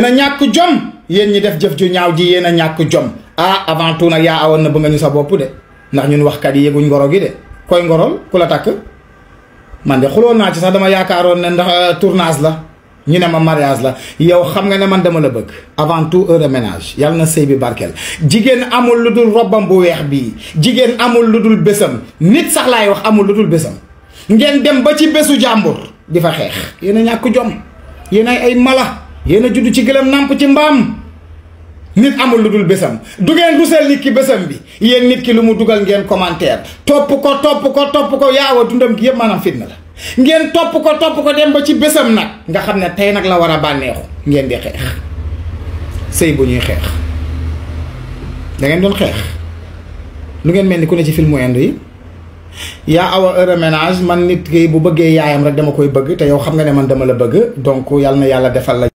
yéen ñàkk jom yéen ñi def jëf ju ñaaw ji yéen a ñàkk jom ah avant tout nag yaa awoon na bu nga ñu sa bopp de ndax ñun waxkat yi yëguñ ngoro gi de koy ngorol ku la takk man de xuloon naa ci sax dama yaakaaroon ne ndax euh, tournage la ñu ne ma mariage la yow xam nga ne man dama la bëgg avant tout heure de ménage na sëy bi barkeel jigéen amul lu dul robbam bu weex bii jigéen amul lu dul bésam nit sax laay wax amul lu dul bésam ngeen dem ba ci bésu jàmbur di fa yéen ñàkk jom yéen ay mala yéen a judd ci gëlëm nàmp ci mbaam nit amul lu dul bésam du ngeen dusal nit ki bésam bi yéen nit ki lu mu dugal ngeen commentaire topp ko topp ko topp ko yaawa dundam gi yëpp maanaam fitna la ngeen topp ko topp ko dem ba ci bésam nag nga xam ne tey nag la war a bànneexu ngeen di xeex sëy bu ñuy xeex dangeen doon xeex lu ngeen mel ni ku ne ci filmu indo yi yaa awa heure man nit ki bu bëggee yaayam rek dama koy bëgg te yow xam nga ne man dama la bëgg donc yàlla na yàlla defal la